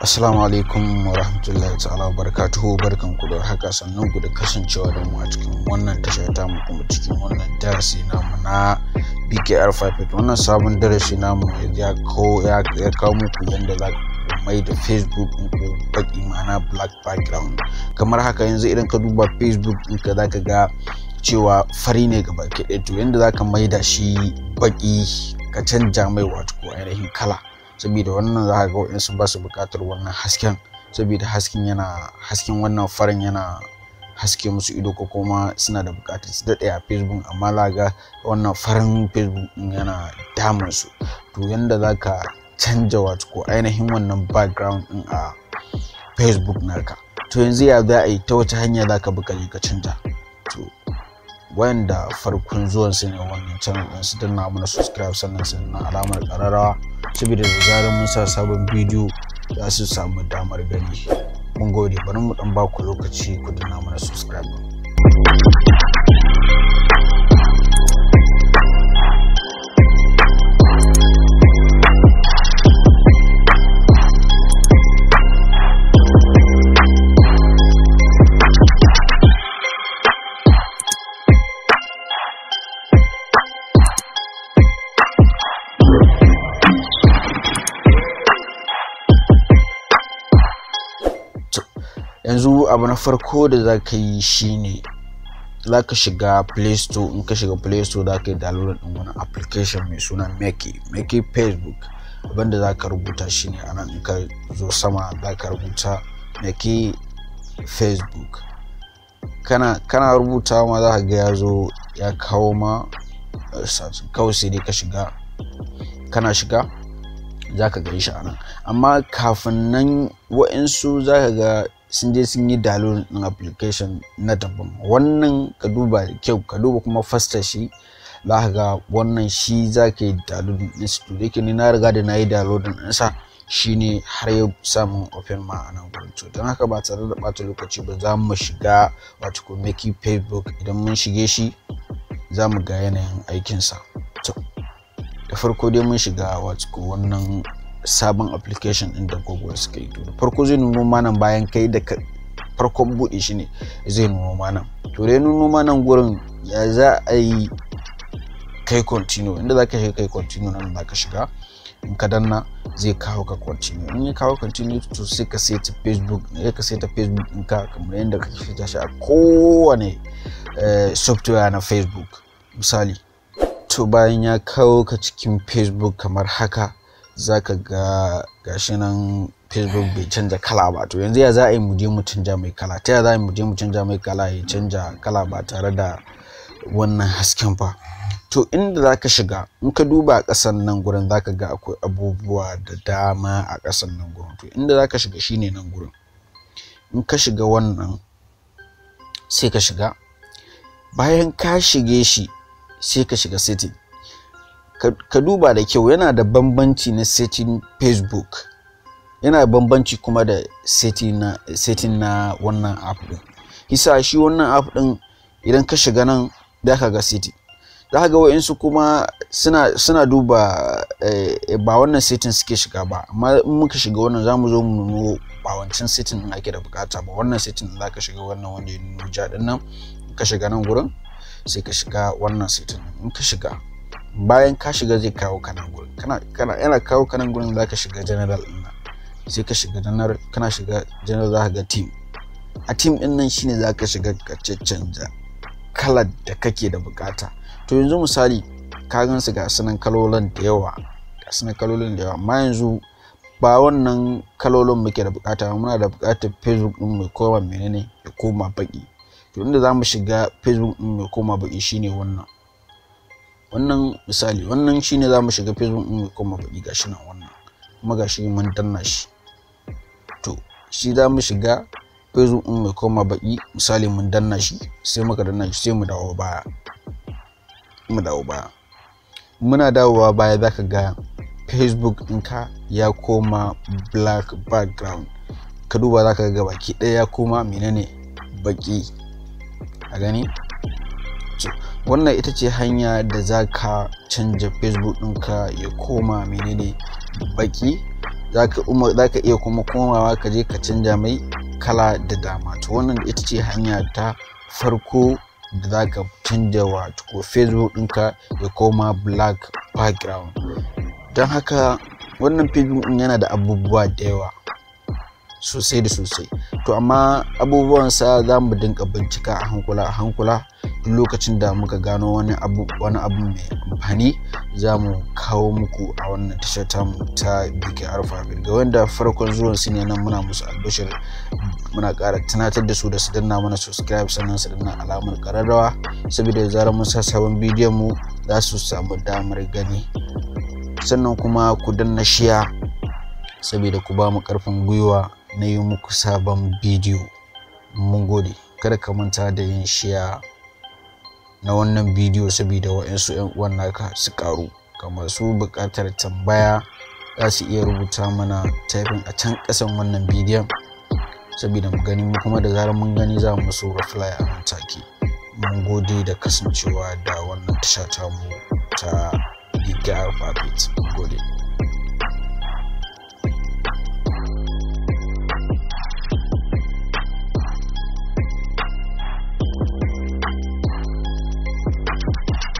Assalamu alaikum wa rahmatullahi ta'ala wa barakatuhu barkan ku da haka sannan ku da kasancewa da mu a cikin wannan tasha ta mu kuma cikin wannan darasi namu na BKR 5 wannan sabon darasi namu ya ko ya kawo muku yanda za ku mai da Facebook din ku baki ma'ana black background kamar haka yanzu idan ka duba Facebook in ka zaka ga cewa fari ne gaba ɗaya to yanda ka mai da shi baki ka canja mai wato ainihin kala saboda wannan za ka ga waɗansu ba su buƙatar wannan hasken saboda hasken yana hasken wannan farin yana haske musu ido ko kuma suna da buƙatar su daɗe a facebook amma za ga wannan farin facebook ɗin yana damun su to yanda za ka canja wato ko ainihin wannan background ɗin a facebook naka to yanzu ya za a yi ta wace hanya za ka buƙari ka canja to wanda farkon zuwan su ne wannan channel ɗin su danna mana subscribe sannan su na alamar ƙararrawa saboda da zarar mun sa sabon bidiyo za su samu damar gani mun gode bari mu dan ba ku lokaci ku dana mana subscribe yanzu abu na farko da za ka yi shine za ka shiga play store in ka shiga play store za ka yi download din wani application mai suna make make facebook abinda za ka rubuta shine ne nan in ka zo sama za ka rubuta make facebook kana rubuta ma za ka ga ya zo ya kawo ma kawai sai dai ka shiga kana shiga za ka gan shi amma kafin nan wa'insu za ka ga sun je sun yi download ɗin application na daban wannan ka duba da kyau ka duba kuma fasta shi za ka ga wannan shi za ka yi download ɗin su ni na riga da na yi download ɗin sa ne har yau samun open ma a nan gurin to don haka ba tare da ɓata lokaci ba za mu shiga wato ko facebook idan mun shige shi za mu ga yanayin aikinsa to da farko dai mun shiga wato wannan sabon application ɗin da google suka yi to farko zai nuno manan bayan kai da farkon buɗe shi ne zai nuno manan to dai ya nuno manan gurin ya za a yi kai continue inda za ka shiga kai continue nan za ka shiga in ka danna zai kawo ka continue in ya kawo continue to sai ka saita facebook ne ka saita facebook in ka kamar yadda ka fita shi a kowane eh, software na facebook misali to bayan ya kawo ka cikin facebook kamar haka za ka ga gashi nan facebook bai canza kala ba to yanzu ya za a yi muje mu canja mai kala ta ya za a yi muje mu canja mai kala ya canja kala ba tare da wannan hasken ba to inda za ka shiga in ka duba a ƙasan nan gurin za ka ga akwai abubuwa da dama a ƙasan nan gurin to inda za ka shiga shine nan gurin in ka shiga wannan sai ka shiga bayan ka shige shi sai ka shiga setting ka duba da kyau yana da bambanci na setting facebook yana da bambanci kuma da setting na, wannan app din hisa shi wannan app din idan ka shiga nan za ka ga setting za ka ga wa'insu kuma suna, suna duba eh, ba wannan setting suke shiga ba amma in muka shiga wannan za mu zo mu nuno ba wancan setting din ake da bukata ba wannan setting din za ka shiga wannan wanda ya nuno ja nan ka shiga nan gurin sai ka shiga wannan setting in ka shiga bayan ka shiga zai kawo ka nan gurin kana kana yana kawo ka nan gurin ka shiga general din nan sai ka shiga general kana shiga general ka ga team a team din nan shine ka shiga ka canja kalar da kake da bukata to yanzu misali ka gansu ga sunan kalolin da yawa ga sunan kalolin da yawa amma yanzu ba wannan kalolin muke da bukata muna da bukatar facebook din mai koma menene ya koma baki to inda za mu shiga facebook din mai koma baki shine wannan wannan misali wannan shine za mu shiga facebook ɗin mu faɗi gashi nan wannan kuma gashi mun danna shi to shi za mu shiga facebook ɗin mai koma baƙi misali mun danna shi sai muka danna shi sai mu dawo baya mu dawo baya muna dawowa baya za ka ga facebook ɗinka ya koma black background ka duba za ka ga baki ɗaya ya koma menene baƙi a gani wannan ita ce hanya da za ka canja facebook ɗinka ya koma menene baki za ka iya kuma komawa ka je ka canja mai kala da dama to wannan ita ce hanya ta farko da za ka canja wa ko facebook ɗinka ya koma black background don haka wannan facebook ɗin yana da abubuwa da yawa sosai da sosai to amma abubuwansa za mu dinka bincika a hankula a hankula lokacin da muka gano wani abu wani abu mai amfani za mu kawo muku a wannan tashar tamu ta biki arfa ga wanda farkon zuwan su ne nan muna musu albashir muna ƙara tunatar da su da su danna mana subscribe sannan su danna alamar ƙararrawa saboda zarar mun sa sabon bidiyon mu za su samu damar gani sannan kuma ku danna shiya saboda ku ba mu karfin gwiwa na yi muku sabon bidiyo mun gode kada ka manta da yin shiya na wannan bidiyo saboda waɗansu 'yan uwan naka su ƙaru kamar su buƙatar tambaya za su iya rubuta mana taifin a can ƙasan wannan bidiyon saboda mu gani mu kuma da zarar mun gani za mu so reply a nan take mun gode da kasancewa da wannan tasha mu ta Giga Alphabet gode